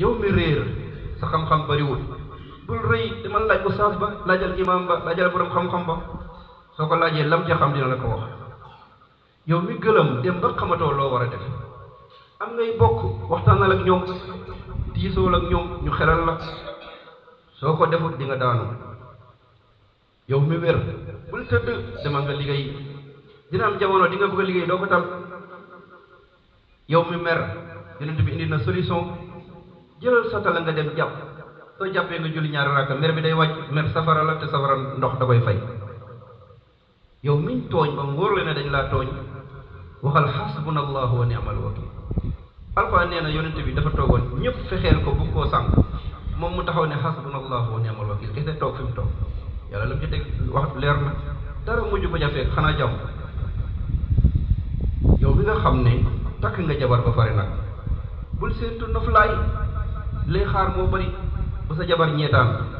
yaw mi réer sa xam-xam bariwul bul rëy demal laaj ustaas ba laajal imaam ba laajal borom xam soo ko laajee lam ja xam dina la ko wax yow mi gëlëm dem ba xamatoo loo war a def am ngay bokk waxtaanal ak ñoom diisool ak ñoom ñu xelal la soo ko defut dinga nga daanu yow mi wér bul tëdd demal nga liggéey dina am jamono di nga liggéey doo ko tal yow mi mer yonent bi indi na solution jëlal sa tala nga dem jàpp soo jàppee nga julli ñaari rakka mer bi day wàcc mer safara la te safara ndox da koy fay yow miñ tooñ ba mu wóor la dañ laa tooñ waxal xasbuna allahu wa ni'mal wakil alquran nee na yonent bi dafa toogoon ñëpp fexeel ko bu koo sànq moom mu taxaw ne xasbuna allahu wa ni'mal wakil kese toog fi mu toog yàlla la mu ci teg wax leer na dara mujj ko jafee xanaa jàmm yow bi nga xam ne takk nga jabar ba pare nag bul seentu noflaay lay xaar moo bëri ba sa jabar ñeetaan